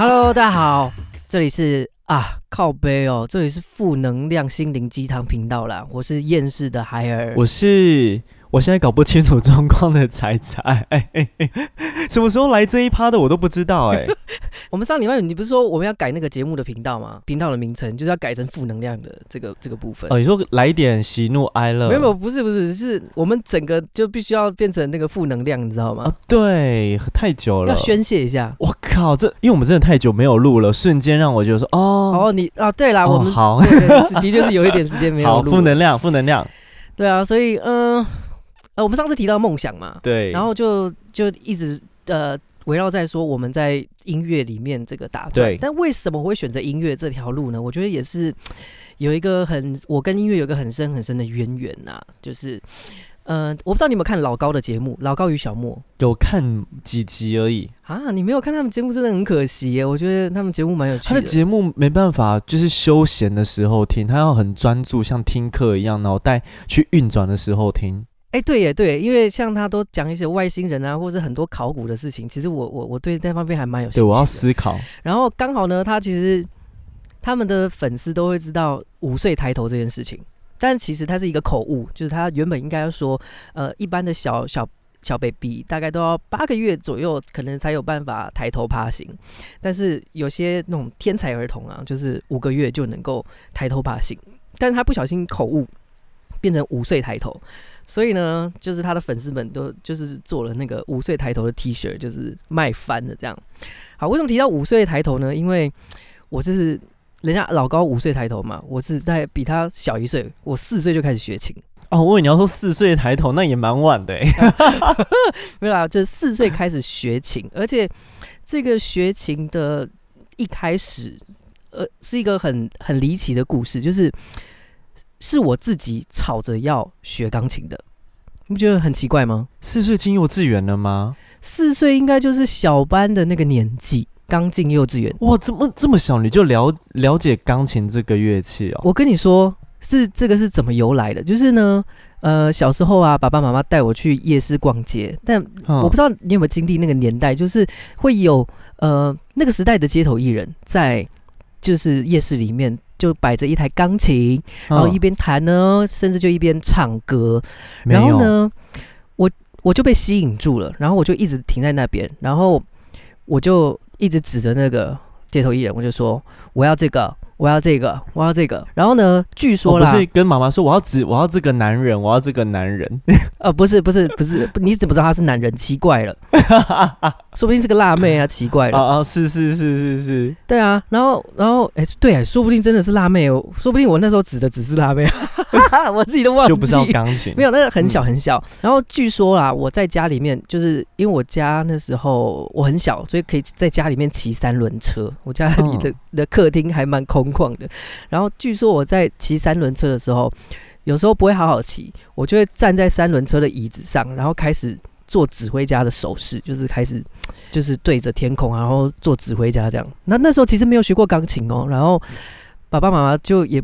Hello，大家好，這裡是啊靠杯哦、喔，這裡是負能量心靈雞湯頻道啦。我是厭世的海爾，我是我現在搞不清楚狀況的彩彩。哎、欸、哎、欸，什麼時候來這一趴的我都不知道哎、欸。 我們上禮拜你不是說我們要改那個節目的頻道嗎？頻道的名稱就是要改成負能量的這個這個部分。哦，你說來一點喜怒哀樂？沒有，沒有，不是不是，是我們整個就必須要變成那個負能量，你知道嗎？啊、對，太久了，要宣洩一下。好、啊，這因為我們真的太久沒有錄了，瞬間讓我覺得說哦，哦你啊，對啦，哦、我們好，的確 是有一點時間沒有錄，負能量，負能量，對啊，所以嗯呃，呃，我們上次提到夢想嘛，對，然後就就一直呃圍繞在說我們在音樂裡面這個打算，對但為什麼會選擇音樂這條路呢？我覺得也是有一個很我跟音樂有一個很深很深的淵源吶、啊，就是。呃、嗯，我不知道你有沒有看老高的節目《老高與小莫》，有看幾集而已啊！你沒有看他們節目，真的很可惜耶。我覺得他們節目蠻有趣的，他的節目沒辦法，就是休閒的時候聽，他要很專注，像聽課一樣，腦袋去運轉的時候聽。哎、欸，對耶，對耶，因為像他都講一些外星人啊，或者很多考古的事情。其實我我我對那方面還蠻有興趣對。我要思考。然後剛好呢，他其實他們的粉絲都會知道五歲抬頭這件事情。但其實他是一個口誤，就是他原本應該要說，呃，一般的小小小 baby 大概都要八個月左右，可能才有辦法抬頭爬行。但是有些那種天才兒童啊，就是五個月就能夠抬頭爬行。但是他不小心口誤，變成五歲抬頭。所以呢，就是他的粉絲們都就是做了那個五歲抬頭的 T 恤，shirt, 就是賣翻的這樣。好，為什麼提到五歲抬頭呢？因為我是。人家老高五歲抬頭嘛，我是在比他小一歲，我四歲就開始學琴。哦，我以為你要說四歲抬頭，那也蠻晚的。 沒有，這、就是、四歲開始學琴，而且這個學琴的一開始，呃，是一個很很離奇的故事，就是是我自己吵着要學鋼琴的，你不覺得很奇怪嗎？四歲進幼稚園了嗎？四歲應該就是小班的那個年紀。剛進幼稚園，哇！怎麼這麼小你就了了解鋼琴這個樂器哦？我跟你說，是這個是怎麼由來的？就是呢，呃，小時候啊，爸爸媽媽帶我去夜市逛街，但我不知道你有沒有經歷那個年代，就是會有呃那個時代的街頭藝人，在就是夜市裡面就擺着一台鋼琴，嗯、然後一邊彈呢，甚至就一邊唱歌，有然後呢，我我就被吸引住了，然後我就一直停在那邊，然後我就。一直指着那個街頭藝人，我就說我要這個，我要這個，我要這個。然後呢，據說了，我、哦、不是跟媽媽說我要指我要這個男人，我要這個男人。啊、 呃，不是不是不是，不是 你怎麼知道他是男人？奇怪了。 說不定是個辣妹啊， 奇怪哦。哦，是是是是是，對啊，然後然後，哎、欸，對啊、欸，說不定真的是辣妹哦、喔，說不定我那時候指的只是辣妹、喔，啊， 我自己都忘記。就不知道鋼琴，沒有，那個很小很小。嗯、然後據說啦，我在家裡面，就是因為我家那時候我很小，所以可以在家裡面騎三輪車。我家裡的、哦、的客廳還蠻空曠的。然後據說我在騎三輪車的時候，有時候不會好好騎，我就會站在三輪車的椅子上，然後開始。做指揮家的手勢，就是開始，就是對着天空啊，然後做指揮家這樣。那那時候其實沒有學過鋼琴哦。然後爸爸媽媽就也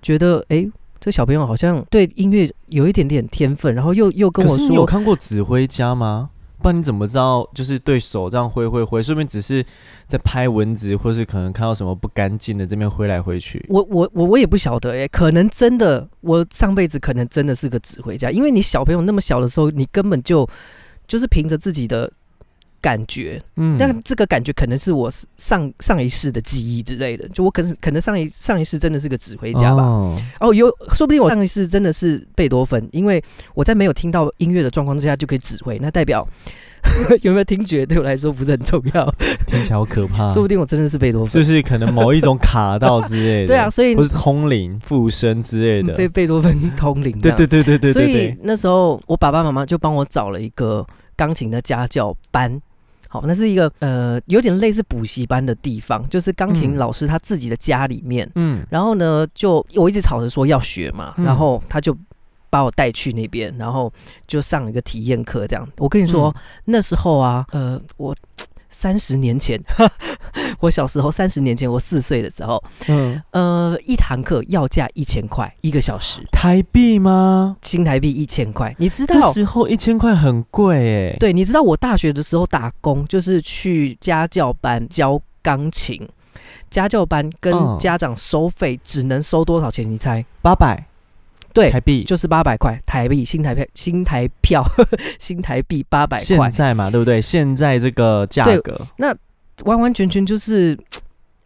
覺得，哎，這個小朋友好像對音樂有一點點天分。然後又又跟我說：‘可是你有看過指揮家嗎？不然你怎麼知道？就是對手這樣揮揮揮，說明只是在拍蚊子，或是可能看到什麼不乾淨的，這邊揮來揮去。我我我我也不曉得耶，可能真的，我上輩子可能真的是個指揮家，因為你小朋友那麼小的時候，你根本就。就是憑着自己的感覺，嗯，那這個感覺可能是我上上一世的記憶之類的。就我可能可能上一上一世真的是個指揮家吧，哦,哦，有說不定我上一世真的是貝多芬，因為我在沒有聽到音樂的狀況之下就可以指揮，那代表。 有沒有聽覺對我來說不是很重要，聽起來好可怕， 說不定我真的是貝多芬，就是可能某一種卡到之類的， 對啊，所以不是通靈附身之類的，被貝多芬通靈， 對對對對對對，所以那時候我爸爸媽媽就幫我找了一個鋼琴的家教班，好，那是一個呃有點類似補習班的地方，就是鋼琴、嗯、老師他自己的家裡面，嗯，然後呢就我一直吵着說要學嘛，嗯、然後他就。把我帶去那邊，然後就上一個體驗課，這樣。我跟你說，嗯、那時候啊，呃，我三十年前，, 我小時候三十年前，我四歲的時候，嗯，呃，一堂課要價一千塊一個小時，台幣嗎？新台幣一千塊，你知道那時候一千塊很貴哎、欸。對，你知道我大學的時候打工，就是去家教班教鋼琴，家教班跟家長收費只能收多少錢？哦、你猜？八百。對，台幣就是八百塊台幣，新台票，新台票，新台幣八百塊。現在嘛，對不對？現在這個價格，那完完全全就是，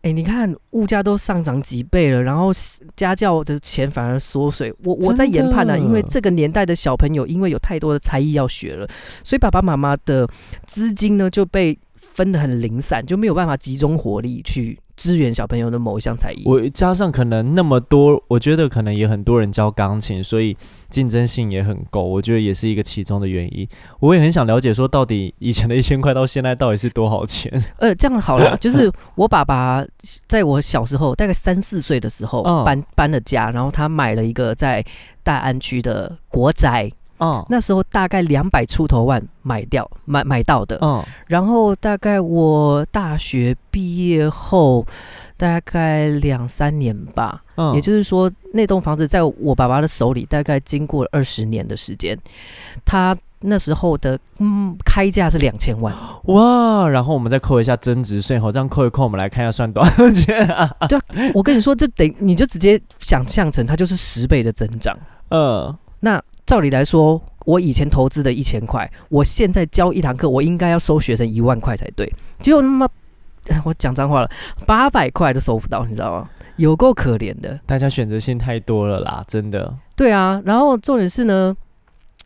哎，你看物價都上漲幾倍了，然後家教的錢反而縮水。我我在研判呢，因為這個年代的小朋友，因為有太多的才藝要學了，所以爸爸媽媽的資金呢就被。分得很零散，就沒有辦法集中火力去支援小朋友的某一項才藝。我加上可能那麼多，我覺得可能也很多人教鋼琴，所以競爭性也很高。我覺得也是一個其中的原因。我也很想了解，說到底以前的一千塊到現在到底是多少錢？呃，這樣好了，就是我爸爸在我小時候大概三四歲的時候搬搬了家，然後他買了一個在大安區的國宅。哦，oh. 那時候大概兩百出頭萬買掉買買到的，嗯，oh. 然後大概我大學畢業後，大概兩三年吧，嗯，oh. 也就是說那棟房子在我爸爸的手裡，大概經過了二十年的時間，他那時候的嗯開價是兩千萬哇，然後我們再扣一下增值稅後，這樣扣一扣，我們來看一下算多少錢啊？對啊，我跟你說，這等你就直接想象成它就是十倍的增長，嗯，oh. 那。照理來說，我以前投資的一千塊，我現在教一堂課，我應該要收學生一萬塊才對。結果他媽，我講髒話了，八百塊都收不到，你知道嗎？有夠可憐的。大家選擇性太多了啦，真的。對啊，然後重點是呢。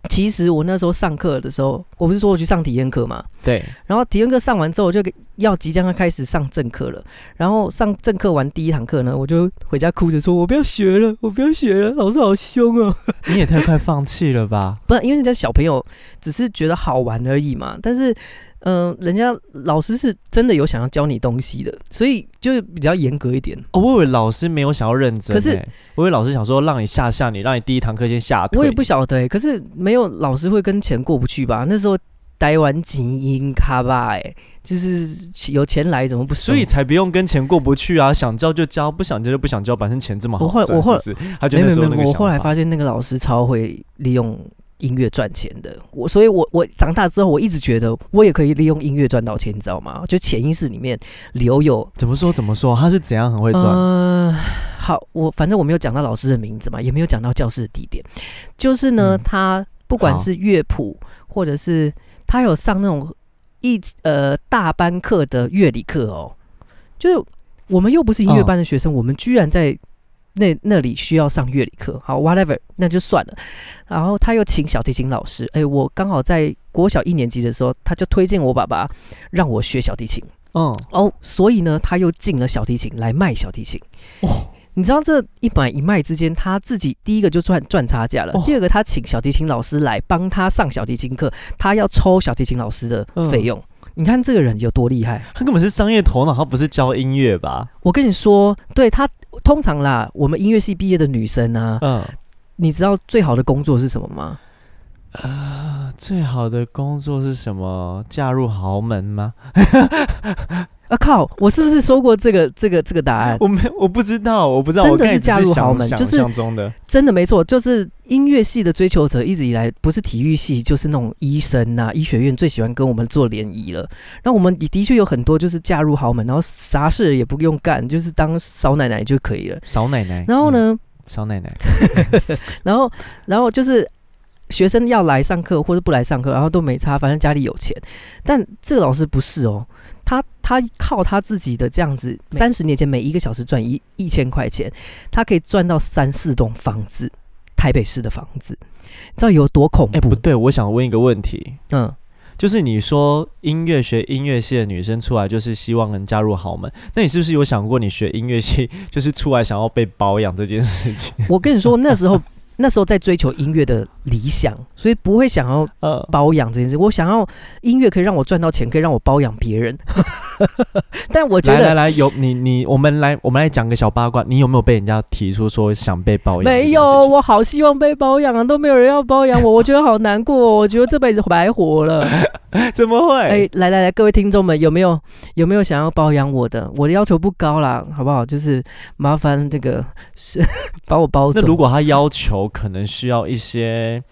其實我那時候上課的時候，我不是說我去上體驗課嘛？對。然後體驗課上完之後，我就要即將要開始上正課了。然後上正課完第一堂課呢，我就回家哭着說：“我不要學了，我不要學了，老師好兇哦、啊！”你也太快放棄了吧？ 不，因為人家小朋友只是覺得好玩而已嘛。但是。嗯、呃，人家老師是真的有想要教你東西的，所以就比較嚴格一點、哦。我以為老師沒有想要認真、欸，可是我以為老師想說讓你嚇嚇你，讓你第一堂課先嚇退。我也不曉得、欸，可是沒有老師會跟錢過不去吧？那時候台灣精英卡吧、欸，哎，就是有錢來怎麼不收？所以才不用跟錢過不去啊！想教就教，不想教就不想教，反正錢這麼好賺是是我會我會我後來發現那個老師超會利用。音樂賺錢的，我所以我，我我長大之後，我一直覺得我也可以利用音樂賺到錢，你知道嗎？就潛意識裡面留有怎麼說怎麼說，他是怎樣很會賺？嗯、呃，好，我反正我沒有講到老師的名字嘛，也沒有講到教室的地點，就是呢，嗯、他不管是樂譜，好或者是他有上那種一呃大班課的樂理課哦，就是我們又不是音樂班的學生，哦、我們居然在。那那裡需要上樂理課，好，whatever，那就算了。然後他又請小提琴老師，哎、欸，我剛好在國小一年級的時候，他就推薦我爸爸讓我學小提琴，嗯，哦，oh, 所以呢，他又進了小提琴來賣小提琴。哦，你知道這一買一賣之間，他自己第一個就賺賺差價了，哦、第二個他請小提琴老師來幫他上小提琴課，他要抽小提琴老師的費用。嗯、你看這個人有多厲害？他根本是商業頭腦，他不是教音樂吧？我跟你說，對他。通常啦，我們音樂系畢業的女生呢，啊，uh. 你知道最好的工作是什麼嗎？啊，最好的工作是什麼？嫁入豪門嗎？ 啊靠！我是不是說過這個這個這個答案？我沒我不知道，我不知道，真的是嫁入豪門，是就是想像中的，就是，真的沒錯，就是音樂系的追求者一直以來不是體育系，就是那種醫生吶，啊，醫學院最喜歡跟我們做聯誼了。那我們也的確有很多就是嫁入豪門，然後啥事也不用幹，就是當少奶奶就可以了。少奶奶，然後呢，嗯？少奶奶， 然後然後就是。學生要來上課或者不來上課，然後都沒差，反正家裡有錢。但這個老師不是哦，他他靠他自己的這樣子，三十年前每一個小時賺一一千塊錢，他可以賺到三四棟房子，台北市的房子，你知道有多恐怖？哎，欸、不對，我想問一個問題，嗯，就是你說音樂學音樂系的女生出來就是希望能加入豪門，那你是不是有想過你學音樂系就是出來想要被包養這件事情？我跟你說那時候。 那時候在追求音樂的理想，所以不會想要呃包養這件事。我想要音樂可以讓我賺到錢，可以讓我包養別人。 但我覺得來來來，有你你，我們來我們來講個小八卦，你有沒有被人家提出說想被包養？沒有，我好希望被包養啊，都沒有人要包養我，我覺得好難過、哦， 我覺得這輩子白活了。 怎麼會？哎、欸，來來來，各位聽眾們，有沒有有沒有想要包養我的？我的要求不高啦，好不好？就是麻煩這個是 把我包走。那如果他要求，可能需要一些。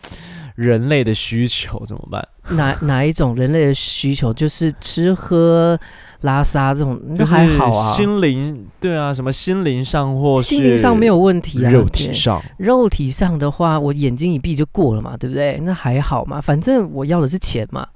人類的需求怎麼辦？哪哪一種人類的需求就是吃喝拉撒這種？那 還好啊。心靈對啊，什麼心靈上或是肉體上，心靈上沒有問題啊？肉體上，肉體上的話，我眼睛一閉就過了嘛，對不對？那還好嘛，反正我要的是錢嘛。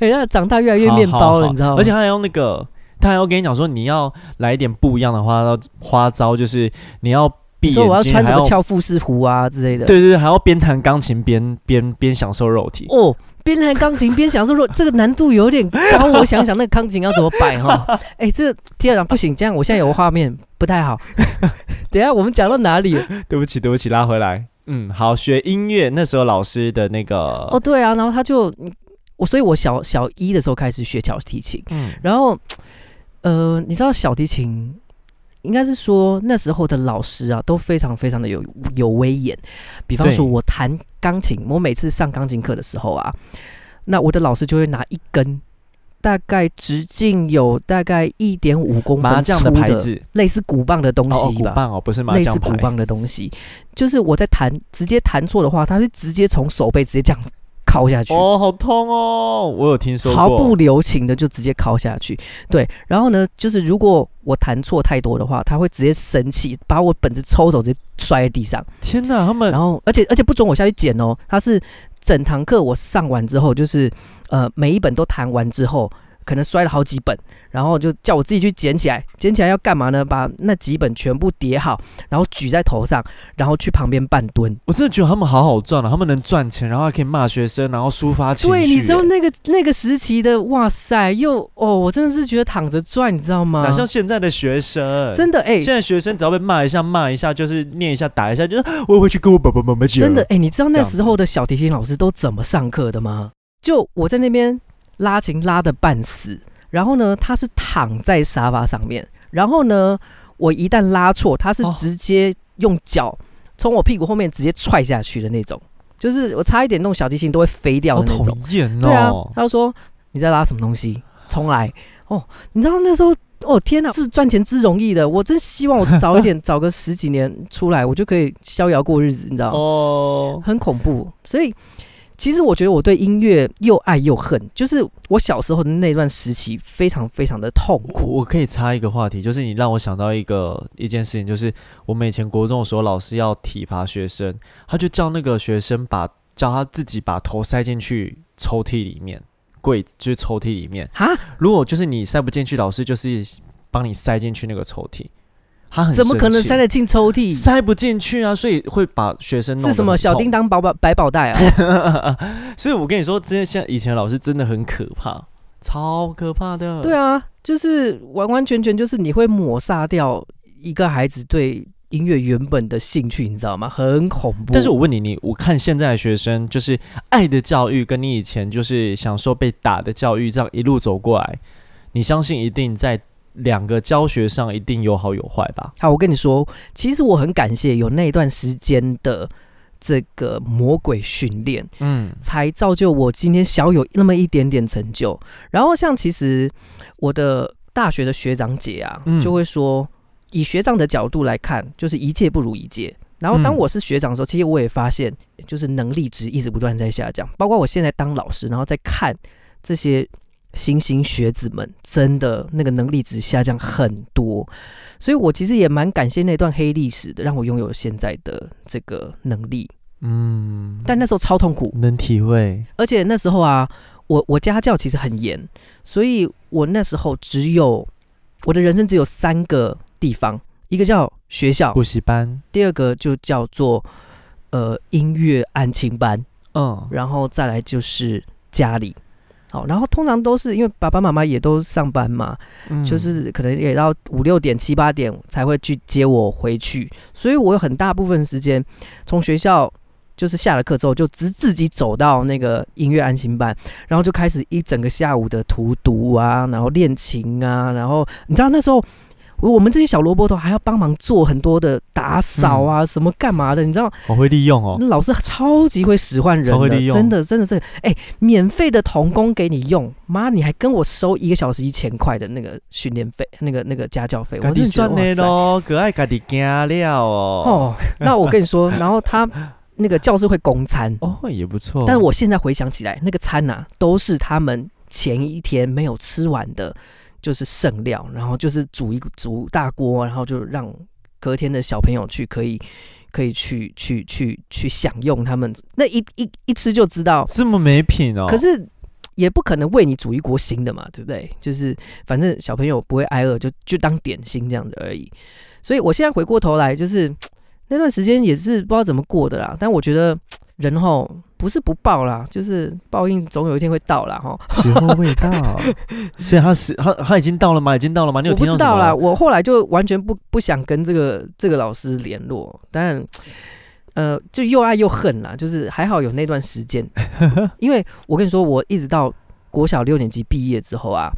哎 呀、 欸，長大越來越麵包了，好好好，你知道嗎？而且他還要那個，他還要跟你講說，你要來一點不一樣的花招，花招，就是你要。所以我要穿什麼喬布斯服啊之類的，對對對，還要邊彈鋼琴邊邊邊享受肉體哦，邊彈鋼琴邊享受肉， 這個難度有點高。 我想想，那個鋼琴要怎麼擺哈？哎、哦欸，這個、天啊、不行，這樣我現在有個畫面不太好。 等一下我們講到哪裡？對不起，對不起，拉回來。嗯，好，學音樂那時候老師的那個哦，對啊，然後他就我，所以我小小一的時候開始學小提琴，嗯，然後呃，你知道小提琴。應該是說那時候的老師啊，都非常非常的有有威嚴，比方說我彈鋼琴，對我每次上鋼琴課的時候啊，那我的老師就會拿一根大概直徑有大概一點五公分麻將的牌子，類似鼓棒的東西吧，哦哦、鼓棒哦，不是麻將牌，類似鼓棒的東西，就是我在彈直接彈錯的話，他是直接從手背直接這樣。敲下去哦，好痛哦！我有聽說過，毫不留情的就直接敲下去。對，然後呢，就是如果我彈錯太多的話，他會直接生氣，把我本子抽走，直接摔在地上。天哪，他們然後，而且而且不准我下去撿哦。他是整堂課我上完之後，就是呃每一本都彈完之後。可能摔了好幾本，然後就叫我自己去撿起來。撿起來要幹嘛呢？把那幾本全部疊好，然後舉在頭上，然後去旁邊半蹲。我真的覺得他們好好賺啊，他們能賺錢，然後還可以罵學生，然後抒發情緒。對，你知道那個那個時期的哇塞，又哦，我真的是覺得躺着賺，你知道嗎？哪像現在的學生，真的哎，欸、現在學生只要被罵一下，罵一下就是念一下，打一下，就是我也會去跟我爸爸媽媽講。真的哎、欸，你知道那時候的小提琴老師都怎麼上課的嗎？就我在那邊。拉琴拉得半死，然後呢，他是躺在沙發上面，然後呢，我一旦拉錯，他是直接用腳從我屁股後面直接踹下去的那種，就是我差一點弄小提琴都會飛掉的那種，哦，討厭哦、對啊，他就說：“你在拉什麼東西？重來！”哦，你知道那時候，哦天哪，這賺錢真容易的，我真希望我早一點 早個十幾年出來，我就可以逍遙過日子，你知道哦，很恐怖，所以。其實我覺得我對音樂又愛又恨，就是我小時候的那段時期非常非常的痛苦。我可以插一個話題，就是你讓我想到一個一件事情，就是我們以前國中的時候，老師要體罰學生，他就叫那個學生把叫他自己把頭塞進去抽屜裡面櫃子，就是抽屜裡面哈，啊，如果就是你塞不進去，老師就是幫你塞進去那個抽屜。他很怎麼可能塞得進抽屜？塞不進去啊！所以會把學生弄是什麼小叮噹寶寶百寶袋啊！ 所以我跟你說，之前像以前老師真的很可怕，超可怕的。對啊，就是完完全全就是你會抹殺掉一個孩子對音樂原本的興趣，你知道嗎？很恐怖。但是我問你，你我看現在的學生，就是愛的教育，跟你以前就是享受被打的教育這樣一路走過來，你相信一定在？兩個教學上一定有好有壞吧？好，我跟你說，其實我很感謝有那一段時間的這個魔鬼訓練，嗯，才造就我今天小有那麼一點點成就。然後像其實我的大學的學長姐啊，嗯、就會說，以學長的角度來看，就是一屆不如一屆。然後當我是學長的時候，嗯、其實我也發現，就是能力值一直不斷在下降。包括我現在當老師，然後在看這些。星星學子們真的那個能力值下降很多，所以我其實也蠻感謝那段黑歷史的，讓我擁有現在的這個能力。嗯，但那時候超痛苦，能體會。而且那時候啊，我我家教其實很嚴，所以我那時候只有我的人生只有三個地方：一個叫學校，補習班，第二個就叫做呃音樂鋼琴班，嗯、哦，然後再來就是家裡。然後通常都是因為爸爸媽媽也都上班嘛，嗯、就是可能也到五六點、七八點才會去接我回去，所以我有很大部分時間從學校就是下了課之後就只自己走到那個音樂安親班，然後就開始一整個下午的荼毒啊，然後練琴啊，然後你知道那時候。我，我們這些小蘿蔔頭還要幫忙做很多的打掃啊，嗯、什麼幹嘛的？你知道？我、哦、會利用哦。老師超級會使喚人真，真的，真的，是、欸、哎，免費的童工給你用，媽，你還跟我收一個小時一千塊的那個訓練費，那個那個家教費，肯定算我的咯。可愛咖喱咖喱哦。哦，那我跟你說， 然後他那個教室會供餐哦，也不錯。但我現在回想起來，那個餐吶、啊，都是他們前一天沒有吃完的。就是剩料，然後就是煮一煮大鍋，然後就讓隔天的小朋友去可，可以可以去去去去享用。他們那一一一吃就知道這麼沒品哦。可是也不可能為你煮一鍋新的嘛，對不對？就是反正小朋友不會挨餓，就就當點心這樣子而已。所以我現在回過頭來，就是那段時間也是不知道怎麼過的啦。但我覺得人吼。不是不報啦，就是報應總有一天會到啦哈。時候未到，所以他是他他已經到了嗎？已經到了嗎？你有聽到什麼？我不知道啦，我後來就完全不不想跟這個這個老師聯絡，但呃，就又愛又恨啦。就是還好有那段時間， 因為我跟你說，我一直到國小六年級畢業之後啊，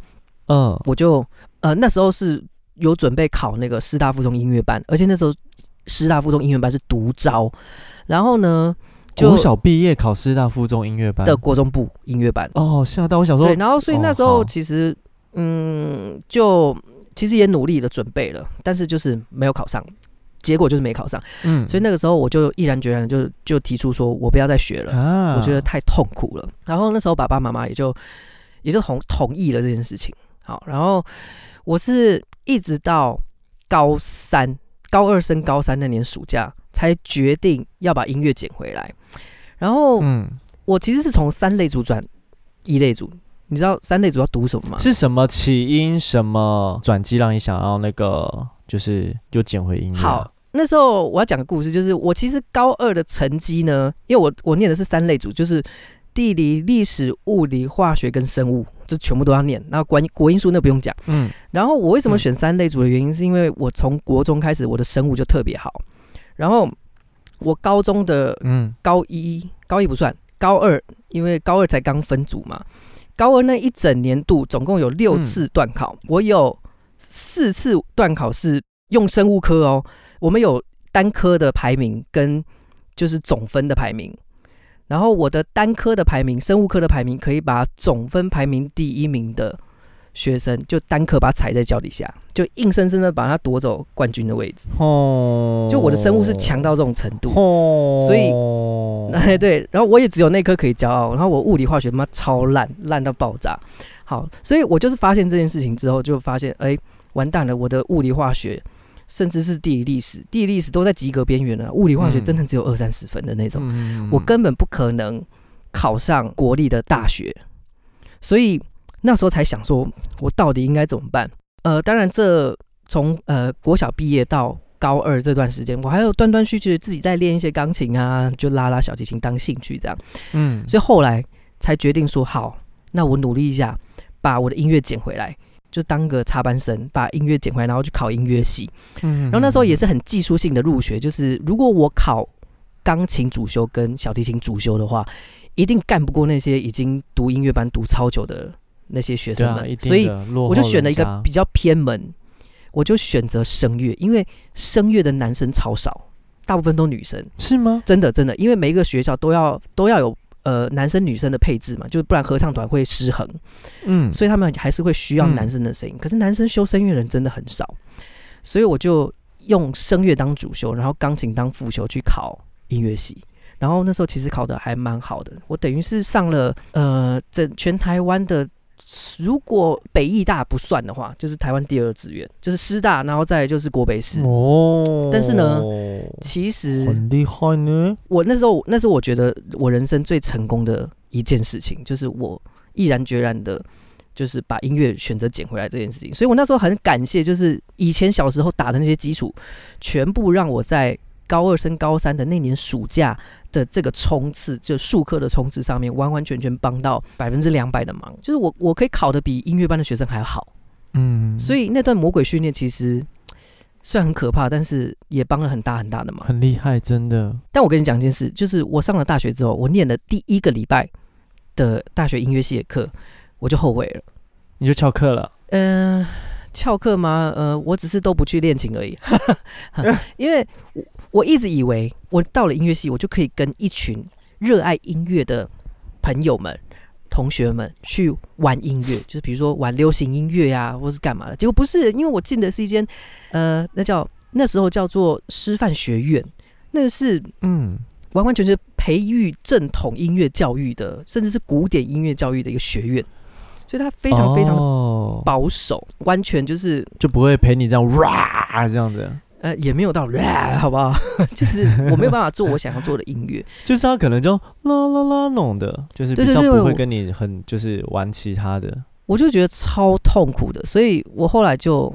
嗯，uh. 我就呃那時候是有準備考那個師大附中音樂班，而且那時候師大附中音樂班是獨招，然後呢。國小畢業考師大附中音樂班的國中部音樂班哦，嚇到我小時候。對，然後所以那時候其實嗯，就其實也努力的準備了，但是就是沒有考上，結果就是沒考上，嗯，所以那個時候我就毅然決然就就提出說我不要再學了，我覺得太痛苦了。然後那時候爸爸媽媽也就也就同同意了這件事情。好，然後我是一直到高三高二升高三那年暑假，才決定要把音樂撿回來，然後，嗯，我其實是從三類組轉一類組。你知道三類組要讀什麼嗎？是什麼起因？什麼轉機讓你想要那個？就是就撿回音樂？好，那時候我要講個故事，就是我其實高二的成績呢，因為我我念的是三類組，就是地理、歷史、物理、化學跟生物，這全部都要念。然後國國音數那不用講，嗯，然後我為什麼選三類組的原因，是因為我從國中開始，我的生物就特別好。然後我高中的嗯，高一嗯，高一不算，高二，因為高二才剛分組嘛。高二那一整年度總共有六次段考，嗯、我有四次段考是用生物科哦。我們有單科的排名跟就是總分的排名，然後我的單科的排名，生物科的排名，可以把總分排名第一名的學生就單科把他踩在腳底下，就硬生生的把他奪走冠軍的位置。哦，就我的生物是強到這種程度。哦，所以，對，然後我也只有那科可以驕傲。然後我物理化學媽超爛，爛到爆炸。好，所以我就是發現這件事情之後，就發現哎、欸，完蛋了，我的物理化學，甚至是地理歷史，地理歷史都在及格邊緣了。物理化學真的只有二三十分的那種，嗯嗯、我根本不可能考上國立的大學。嗯、所以。那時候才想說，我到底應該怎麼辦？呃，當然這，這從呃國小畢業到高二這段時間，我還有斷斷續續自己在練一些鋼琴啊，就拉拉小提琴當興趣這樣。嗯，所以後來才決定說，好，那我努力一下，把我的音樂撿回來，就當個插班生，把音樂撿回來，然後去考音樂系。嗯，嗯，嗯，然後那時候也是很技術性的入學，就是如果我考鋼琴主修跟小提琴主修的話，一定幹不過那些已經讀音樂班讀超久的，那些學生們，啊、所以我就選了一個比較偏門，我就選擇聲樂，因為聲樂的男生超少，大部分都女生。是嗎？真的真的，因為每一個學校都要都要有呃男生女生的配置嘛，就不然合唱團會失衡，嗯，所以他們還是會需要男生的聲音，嗯、可是男生修聲樂人真的很少，所以我就用聲樂當主修，然後鋼琴當副修去考音樂系，然後那時候其實考的還蠻好的，我等於是上了呃整全台灣的。如果北藝大不算的話，就是台灣第二志願，就是師大，然後再就是國北師。哦，但是呢，其實很厲害呢。我那時候，那是我覺得我人生最成功的一件事情，就是我毅然決然的，就是把音樂選擇撿回來這件事情。所以我那時候很感謝，就是以前小時候打的那些基礎，全部讓我在高二升高三的那年暑假。的這個衝刺，就術科的衝刺上面，完完全全幫到百分之兩百的忙。就是我，我可以考得比音樂班的學生還好。嗯，所以那段魔鬼訓練其實雖然很可怕，但是也幫了很大很大的忙。很厲害，真的。但我跟你講一件事，就是我上了大學之後，我念的第一個禮拜的大學音樂系的課，我就後悔了。你就翹課了？嗯、呃，翹課嗎？呃，我只是都不去練琴而已， 因為。 我一直以為我到了音樂系，我就可以跟一群熱愛音樂的朋友們、同學們去玩音樂，就是比如說玩流行音樂呀、啊，或是幹嘛的。結果不是，因為我進的是一間，呃，那叫那時候叫做師範學院，那是嗯，完完全全培育正統音樂教育的，甚至是古典音樂教育的一個學院，所以他非常非常的保守，哦、完全就是就不會陪你這樣哇這樣子。也沒有到啦，好不好？ 就是我沒有辦法做我想要做的音樂， 就是他可能就啦啦啦弄的，就是比較不會跟你很就是玩其他的。對對對我，我就覺得超痛苦的，所以我後來就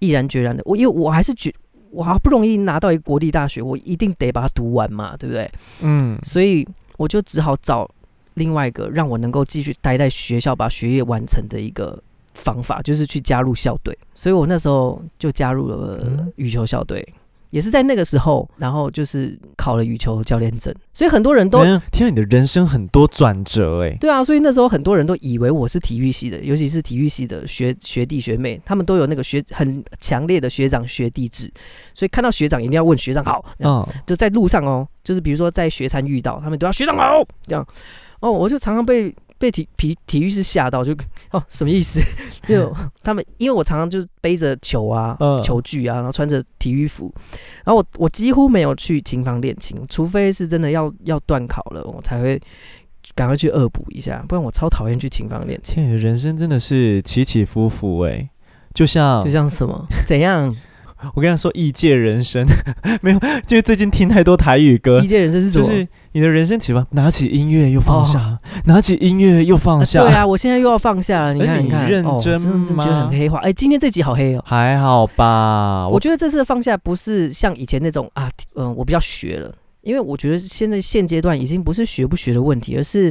毅然決然的，我因為我還是覺得我好不容易拿到一個國立大學，我一定得把它讀完嘛，對不對？嗯，所以我就只好找另外一個讓我能夠繼續待在學校，把學業完成的一個。方法，就是去加入校隊，所以我那時候就加入了羽球校隊，嗯、也是在那個時候，然後就是考了羽球教練證。所以很多人都、嗯，聽到你的人生很多轉折哎、欸，對啊，所以那時候很多人都以為我是體育系的，尤其是體育系的學學弟學妹，他們都有那個學很強烈的學長學弟制，所以看到學長一定要問學長好，嗯，就在路上哦，就是比如說在學餐遇到他們都要學長好這樣，哦，我就常常被。被體體體育是嚇到，就哦什麼意思？就他們因為我常常就是背着球啊、呃、球具啊，然後穿着體育服，然後我我幾乎沒有去琴房練琴，除非是真的要要段考了，我才會趕快去惡補一下，不然我超討厭去琴房練琴。人生真的是起起伏伏誒、欸，就像 就像什麼怎樣？我跟他說《異界人生》呵呵，沒有，就是最近聽太多台語歌。《異界人生》是什麼？就是你的人生啟發，拿起音樂又放下，哦、拿起音樂又放下，呃。對啊，我現在又要放下了。你看，欸、你認真嗎？哦、真的真的覺得很黑化。哎、欸，今天這集好黑哦，喔。還好吧？我，我覺得這次的放下不是像以前那種啊，嗯，我比較學了。因為我覺得現在現階段已經不是學不學的問題，而是，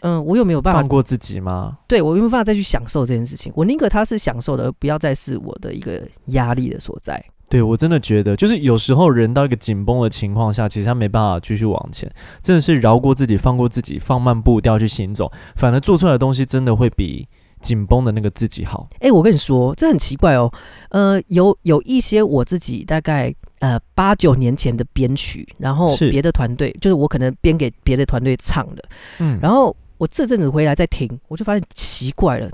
嗯、呃，我有沒有辦法放過自己嗎？對，我有沒有辦法再去享受這件事情？我寧可他是享受的，而不要再是我的一個壓力的所在。對，我真的覺得，就是有時候人到一個緊繃的情況下，其實他沒辦法繼續往前，真的是饒過自己，放過自己，放慢步調去行走，反而做出來的東西真的會比。緊繃的那個自己好，哎、欸，我跟你說，這很奇怪哦。呃，有有一些我自己大概呃八九年前的編曲，然後別的團隊，是就是我可能編給別的團隊唱的。嗯，然後我這陣子回來再聽，我就發現奇怪了，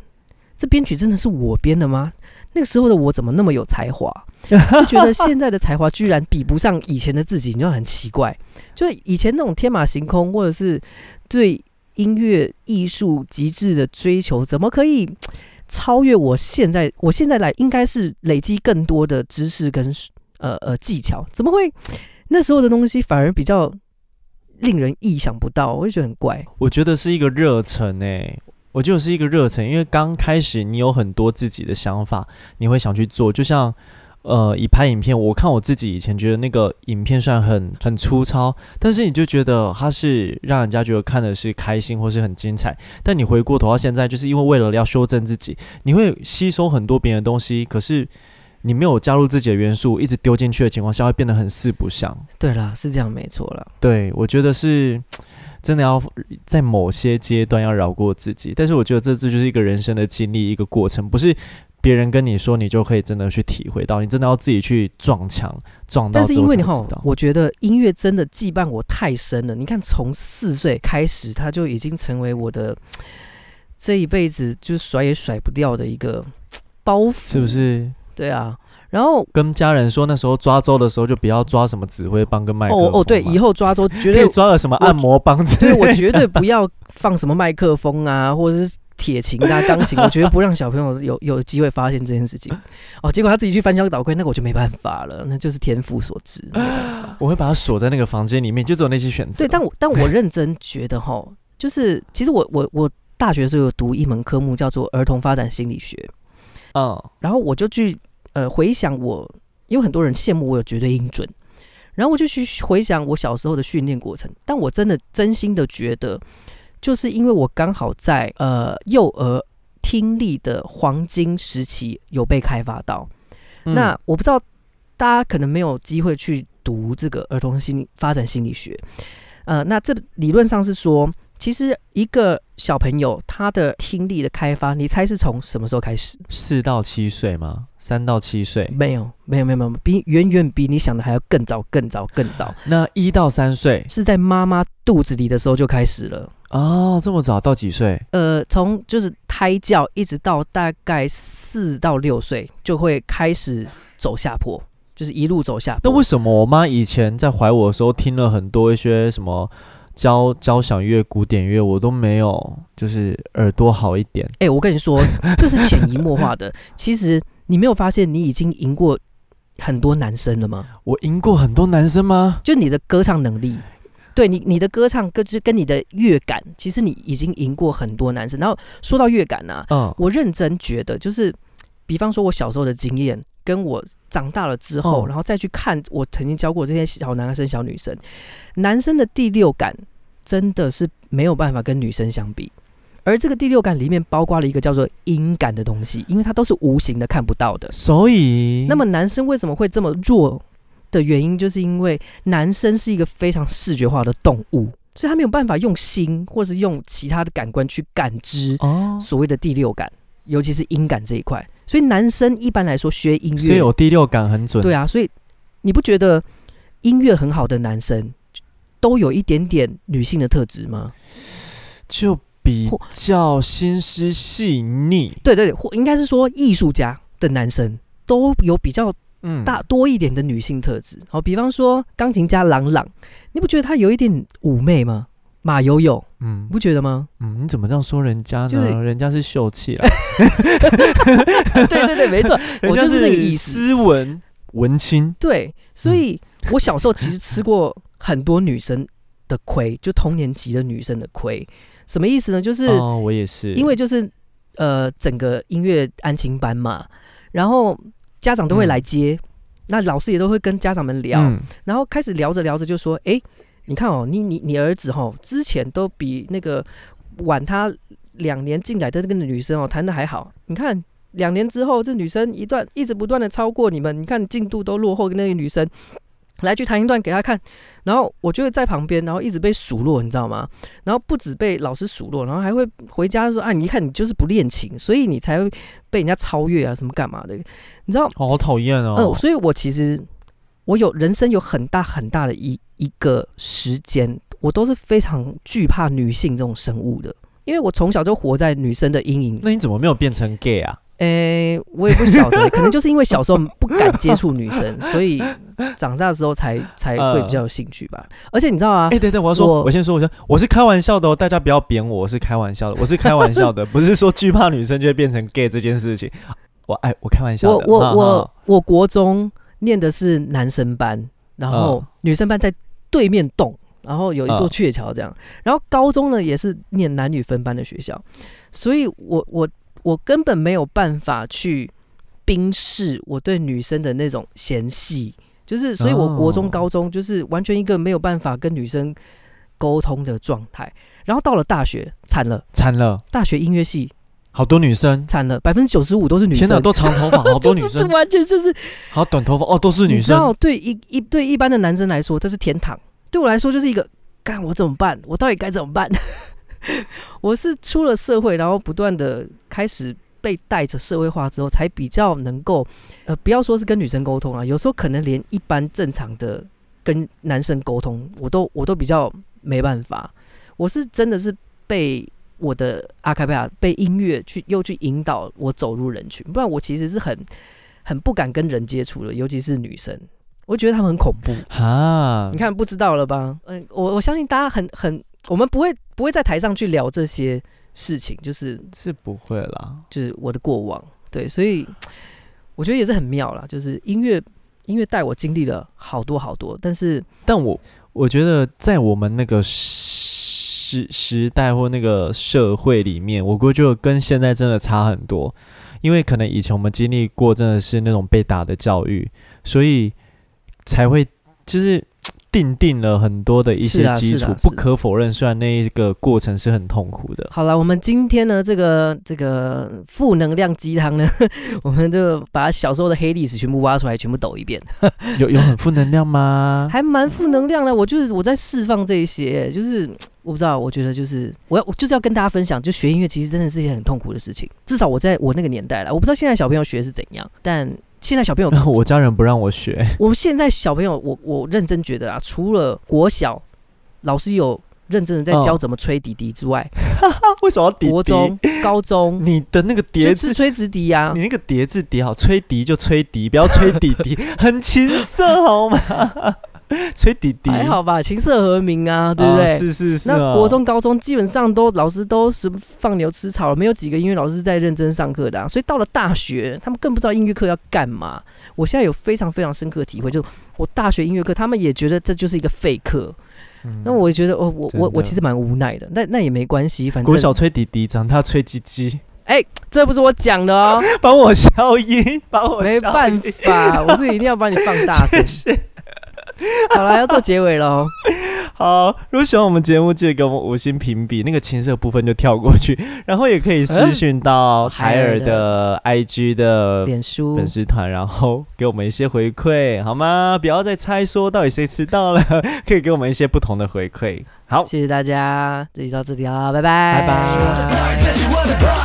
這編曲真的是我編的嗎？那個時候的我怎麼那麼有才華？就覺得現在的才華居然比不上以前的自己，你就很奇怪，就是以前那種天馬行空，或者是對。音樂藝術極致的追求，怎麼可以超越我現在？我現在來應該是累積更多的知識跟呃呃技巧，怎麼會那時候的東西反而比較令人意想不到？我就覺得很怪。我覺得是一個熱忱誒、欸，我就是一個熱忱，因為剛開始你有很多自己的想法，你會想去做，就像。呃，一拍影片，我看我自己以前覺得那個影片算很很粗糙，但是你就覺得它是讓人家覺得看的是開心或是很精彩。但你回過頭到現在，就是因為為了要修正自己，你會吸收很多別人的東西，可是你沒有加入自己的元素，一直丟進去的情況下，會變得很四不像。對啦，是這樣，沒錯啦。對，我覺得是真的要，在某些階段要饒過自己，但是我覺得這這就是一個人生的經歷，一個過程，不是。別人跟你說，你就可以真的去體會到，你真的要自己去撞牆撞到。但是因為吼，我覺得音樂真的羈絆我太深了。你看，從四歲開始，他就已經成為我的這一輩子就甩也甩不掉的一個包袱，是不是？對啊。然後跟家人說，那時候抓周的時候就不要抓什麼指揮棒跟麥克風。哦哦，對，以後抓周絕對抓個什麼按摩棒之類，因為我絕對不要放什麼麥克風啊，或者是。鐵琴啊拉鋼琴，我絕對不讓小朋友有有機會發現這件事情 哦。結果他自己去翻箱倒櫃，那個，我就沒辦法了。那就是天賦所致。我會把他鎖在那個房間裡面，就只有那些選擇。對，但我但我認真覺得哈，就是其實我我我大學的時候有讀一門科目叫做兒童發展心理學，哦，oh. 然後我就去呃回想我，因為很多人羨慕我有絕對音準，然後我就去回想我小時候的訓練過程。但我真的真心的覺得。就是因為我剛好在呃幼兒聽力的黃金時期有被開發到，嗯。那我不知道大家可能沒有機會去讀這個兒童心理發展心理學，呃，那這理論上是說，其實一個小朋友他的聽力的開發，你猜是從什麼時候開始？四到七歲嗎？三到七歲？沒有，沒有，沒有，沒有，比遠遠比你想的還要更早，更早，更早。那一到三歲是在媽媽肚子裡的時候就開始了。哦，這麼早到幾歲？呃，從就是胎教一直到大概四到六歲，就會開始走下坡，就是一路走下坡。那為什麼我媽以前在懷我的時候聽了很多一些什麼交交響樂、古典樂，我都沒有，就是耳朵好一點？哎、欸，我跟你說，這是潛移默化的。 其實你沒有發現，你已經贏過很多男生了嗎？我贏過很多男生嗎？就你的歌唱能力。對你，你的歌唱歌就是跟你的樂感，其實你已經贏過很多男生。然後說到樂感呢、啊，oh. 我認真覺得就是，比方說我小時候的經驗，跟我長大了之後，oh. 然後再去看我曾經教過這些小男生、小女生，男生的第六感真的是沒有辦法跟女生相比。而這個第六感裡面包括了一個叫做音感的東西，因為它都是無形的、看不到的，所以 So 那麼男生為什麼會這麼弱？的原因就是因為男生是一個非常視覺化的動物，所以他沒有辦法用心或是用其他的感官去感知哦，所謂的第六感，哦、尤其是音感這一塊。所以男生一般來說學音樂，所以有第六感很準。對啊，所以你不覺得音樂很好的男生都有一點點女性的特質嗎？就比較心思細膩，對，對對，或應該是說藝術家的男生都有比較。嗯，大多一點的女性特質，好，比方說鋼琴家郎朗，朗，你不覺得她有一點嫵媚嗎？馬友友，嗯，你不覺得嗎？嗯，你怎麼這樣說人家呢？就是、人家是秀氣啦。 對，對對對，沒錯，我就是那個意思，斯文文青。對，所以我小時候其實吃過很多女生的虧，嗯、 就同年級的女生的虧。什麼意思呢？就是哦，我也是，因為就是呃，整個音樂安親班嘛，然後。家長都會來接，嗯、那老師也都會跟家長們聊，嗯、然後開始聊着聊着就說：“哎，你看哦，你你你兒子哈、哦，之前都比那個晚他兩年進來的那個女生哦，彈得還好，你看兩年之後這女生一段一直不斷的超過你們，你看進度都落後跟那個女生。”來去彈一段給他看，然後我就會在旁邊，然後一直被數落，你知道嗎？然後不止被老師數落，然後還會回家說：“哎、啊，你一看你就是不練琴，所以你才會被人家超越啊，什麼幹嘛的？你知道？”哦、好討厭哦、嗯。所以我其實我有人生有很大很大的一一個時間，我都是非常懼怕女性這種生物的，因為我從小就活在女生的陰影。那你怎麼沒有變成 gay 啊？誒、欸，我也不曉得， 可能就是因為小時候不敢接觸女生， 所以長大的時候才才會比較有興趣吧。呃、而且你知道啊？欸、對，對對，我要說，我，我先說，我先，我是開玩笑的哦，大家不要扁我，我是開玩笑的，我是開玩笑的， 不是說懼怕女生就會變成 gay 這件事情。我哎，我開玩笑的。我我呵呵我，我國中念的是男生班，然後女生班在對面棟，然後有一座鵲橋這樣。呃、然後高中呢也是念男女分班的學校，所以我我。我根本沒有辦法去冰釋我對女生的那種嫌隙，就是所以，我國中、高中就是完全一個沒有辦法跟女生溝通的狀態。然後到了大學，慘了，慘了！大學音樂系好多女生，慘了，百分之九十五，都是女生，天哪，都長頭髮，好多女生， 就這完全就是好短頭髮哦，都是女生。對一一對一般的男生來說，這是天堂；對我來說，就是一個幹我怎麼辦？我到底該怎麼辦？ 我是出了社會，然後不斷的開始被帶着社會化之後，才比較能夠呃，不要說是跟女生溝通啊，有時候可能連一般正常的跟男生溝通，我都我都比較沒辦法。我是真的是被我的阿卡貝拉被音樂去又去引導我走入人群，不然我其實是很很不敢跟人接觸的，尤其是女生，我覺得他們很恐怖啊。你看不知道了吧？嗯、呃，我我相信大家很很。我們不會不會在台上去聊這些事情，就是是不會啦。就是我的過往，對，所以我覺得也是很妙啦。就是音樂音樂帶我經歷了好多好多，但是但我我覺得在我們那個時時代或那個社會裡面，我估計就跟現在真的差很多。因為可能以前我們經歷過真的是那種被打的教育，所以才會就是。奠定了很多的一些基礎，啊啊、不可否認，啊啊、雖然那一個過程是很痛苦的。好了，我們今天呢，這個這個負能量雞湯呢， 我們就把小時候的黑歷史全部挖出來，全部抖一遍。 有有很負能量嗎？ 還蠻負能量的，我就是我在釋放這一些，就是我不知道，我覺得就是我要我就是要跟大家分享，就學音樂其實真的是一件很痛苦的事情。至少我在我那個年代了，我不知道現在小朋友學的是怎樣，但。現在小朋友，我家人不讓我學。我們現在小朋友，我我認真覺得啊，除了國小老師有認真的在教怎麼吹笛笛之外，嗯、 為什麼要國中高中，你的那個疊字直吹直笛呀？啊，你那個疊字笛好，吹笛就吹笛，不要吹笛笛， 很情色好嗎？ 吹笛笛還好吧，琴瑟和鳴啊，對不對？哦、是是是、哦。那國中、高中基本上都老師都是放牛吃草了，沒有幾個音樂老師在認真上課的、啊，所以到了大學，他們更不知道音樂課要幹嘛。我現在有非常非常深刻的體會，就是我大學音樂課，他們也覺得這就是一個廢課。嗯、那我覺得我，我的我我我其實蠻無奈的，那那也沒關係，反正。國小吹笛笛，長大吹唧唧。哎、欸，這不是我講的哦，幫我消音，幫我。沒辦法，我是一定要把你放大聲。 好了，要做結尾嘍。 好，如果喜歡我們節目，記得給我們五星評比。那個情色部分就跳過去，然後也可以私訊到海爾、欸、的，的 IG 的臉書粉絲團，然後給我們一些回饋，好嗎？不要再猜說到底誰遲到了，可以給我們一些不同的回饋。好，謝謝大家，這一集到這裡啊，拜拜，拜拜。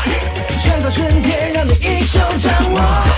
謝謝